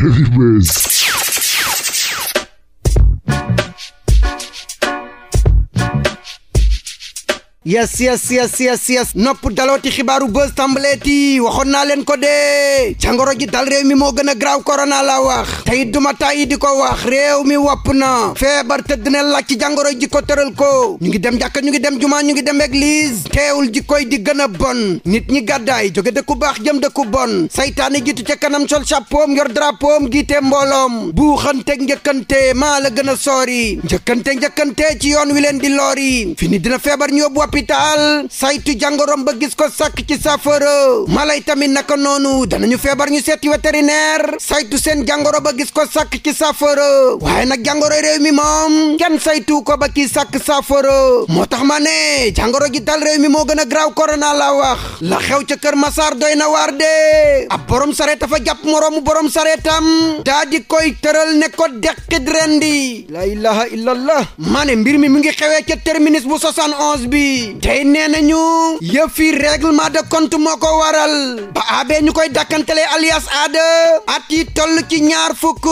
Heavyweight. yes yes yes yes yes nopp dalooti tàmbaleeti waxoon naa leen ko de jàngoro ji dal réew mi moo gën a graaw korona la wax tey duma tàyyi di ko wax réew mi wapp na feebar tëdd na laaj ci jàngoro ji ko tëral ko ñu ngi dem jàkka ñu ngi dem jumaa ñu ngi dem église teewul ji koy di gën a bon nit ñi gàddaay jóge dëkku baax jëm dëkku bon saytaane jiitu ca kanam sol chapeau yor drapeau giite mbooloom buuxante njëkkante maa la gën a soori njëkkante njëkkante ci yoon wi leen di loori fini dina feebar ñu hôpital saytu jàngoroom ba gis ko sàkk ci saafara mala yi tamit naka noonu danañu feebar ñu seeti vétérinaire saytu seen jàngoro ba gis ko sakk ci saafara waaye nag jàngoro réew mi moom kenn saytu ko ba kii sakk saafara moo tax ma ne jàngoro ji dal réew mi moo gën a graaw corona la wax la xew ca kër Massar doy na waar de a borom sareet dafa jàpp moroomu borom sareetam daa koy tëral ne ko deqi rendi la ilaha illallah ma ne mbir mi mi ngi xewee ca terminus tey nee nañu yëf yi règlement de compte moo ko waral ba abe ñu koy dakkantelee alias aada at yi toll ci ñaar fukk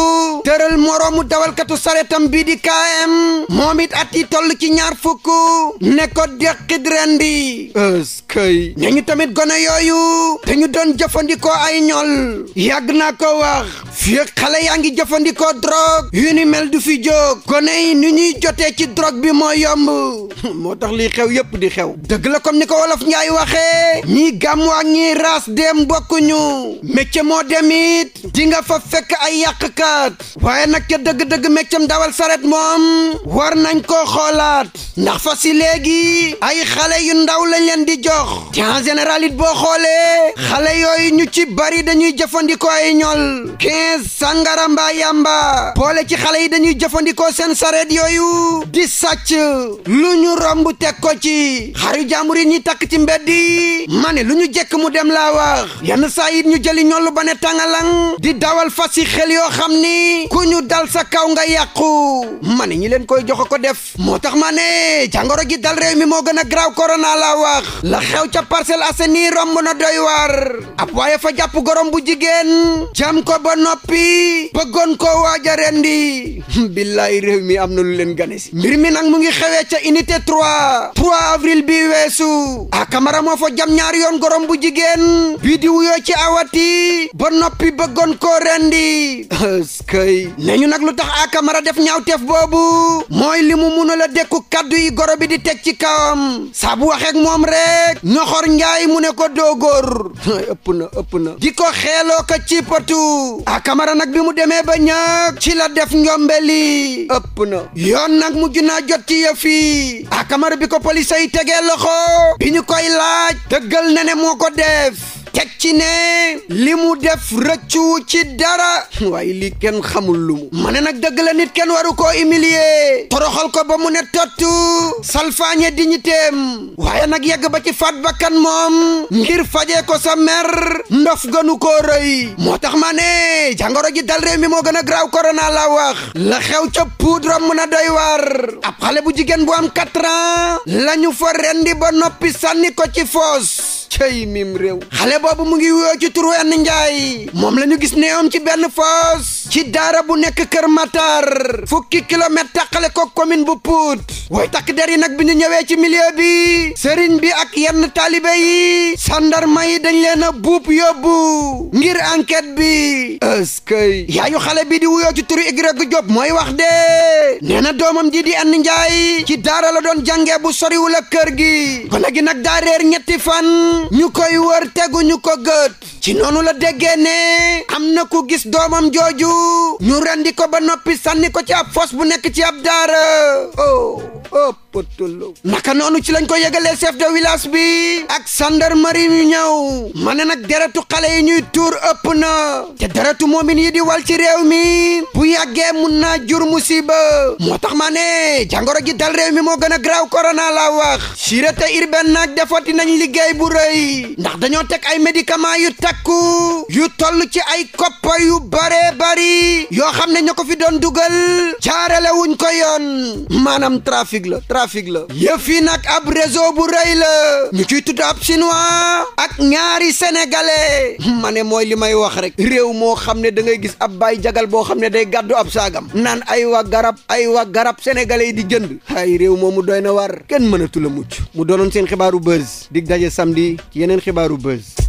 tëral moroomu dawalkatu saretam bii di KM moom it at yi toll ci ñaar fukk ne ko deqit ren di ëskëy ne tamit gone yooyu dañu doon jëfandikoo ay ñol yàgg naa ko wax fii xale yaa ngi jëfandikoo drogue yu ni mel du fi jóg gone yi ni ñuy jotee ci drogue bi moo yomb moo tax lii xew yëpp di xew dëgg la comme ni ko wolof Njaay waxee ñii gàmmu ak ñii raas dem bokkuñu métier moo dem it di nga fa fekk ay yàqkat waaye nag ca dëgg-dëgg métieram dawal saret moom war nañ ko xoolaat ndax fa si léegi ay xale yu ndaw lañ leen di jox te en général it boo xoolee xale yooyu ñu ci bari dañuy jëfandikoo ay ñol 15 sangara mbaa yamba boole ci xale yi dañuy jëfandikoo seen sareet yooyu di sàcc lu ñu romb teg ko ci xaru jàmbur yi ñuy takk ci mbedd yi ma lu ñu jekk mu dem la wax yenn saa it ñu jëli ñol ba ne tàngalang di dawal fas yi xel yoo xam ni ku ñu dal sa kaw nga yàqu ma ñi leen koy jox ko def moo tax ma ne jàngoro gi dal réew mi moo gën a graw korona laa wax la xew ca Parcelles Assainies romb na doy waar ab fa jàpp gorom bu jigéen jam ko ba noppi bëggoon koo waaj rendi billaay réew mi am na lu leen gane mbir mi nag mu ngi xewee ca unité 3 3 avril bi weesu a kamara moo fa jam ñaari yoon gorom bu jigéen bii di wuyoo ci awati ba noppi bëggoon koo rendi askay nañu nag lu tax a kamara def ñaawteef boobu mooy li mu mun a la dékku kaddu yi goro bi di teg ci kawam saa bu waxeek moom rek Soxor Njaay mu ne ko doogóor ëpp na ëpp na di ko xeeloo ko ci patu a Camara nag bi mu demee ba ñaak ci la def njombeli ëpp na yoon nag mujj naa jot ci yëf yi bi ko polis ay tegee loxo bi ñu koy laaj dëggal na ne moo ko def teg ci ne li mu def rëccu ci dara waaye li kenn xamul lu mu ma ne nag dëgg la nit kenn waru koo humilier toroxal ko ba mu ne tott salfaañe digniteem waaye nag yegg ba ci faat bakkan moom ngir fajee ko sa mer ndof gënu koo rëy moo tax ma ne jàngoro ji dal réew mi moo gën a graaw korona la wax la xew ca poudre mën doy war ab xale bu jigéen bu am quatre lañu fa rendi ba noppi sànni ko ci fos cey mim réew xale boobu mu ngi wuyoo tu turu na njaay moom la ñu gis néewam ci benn foos ci daara bu nekk Kër Matar fukki kilomètre tàqale ko commune bu Pout way takk der yi nag bi ñu ñëwee ci milieu bi sëriñ bi ak yenn taalibe yi sandarma yi dañ leen a buub yóbbu ngir enquête bi eskay yaayu xale bi di wuyoo ci turu Igrek Diop mooy wax de nee na doomam ji di ànd njaay ci daara la doon jàngee bu soriwul ak kër gi gone gi nag daa réer ñetti fan ñu koy wër tegu ñu ko gët ci noonu la déggee ne am na ku gis doomam jooju ñu rendi ko ba noppi sànni ko ci ab foos bu nekk ci ab daara oh, oh. potolo naka noonu ci lañ ko yëgalee chef de village bi ak gendarmerie ñu ñëw ma ne nag deretu xale yi ñuy tuur ëpp na te deretu moomin yi di wal ci réew mi bu yàggee mun naa jur musiba moo tax ma ne jàngoro gi dal réew mi moo gën a graaw la laa wax sûreté urbaine nag defati nañ liggéey bu rëy ndax dañoo tek ay médicaments yu takku yu toll ci ay koppa yu bare bari yoo xam ne ña ko fi doon dugal jaarale wuñ ko yoon maanaam trafic la trafic la yëf yi nag ab réseau bu rëy la ñu ciy tudd ab chinois ak ñaari sénégalais ma mooy li may wax rek réew moo xam ne da ngay gis ab baay jagal boo xam ne day gàddu ab saagam naan ay wa garab ay wa garab sénégalais yi di jënd ay réew moomu doy na war kenn mënatu la mucc mu doonoon seen xibaaru buzz dig daje samedi ci yeneen xibaaru buzz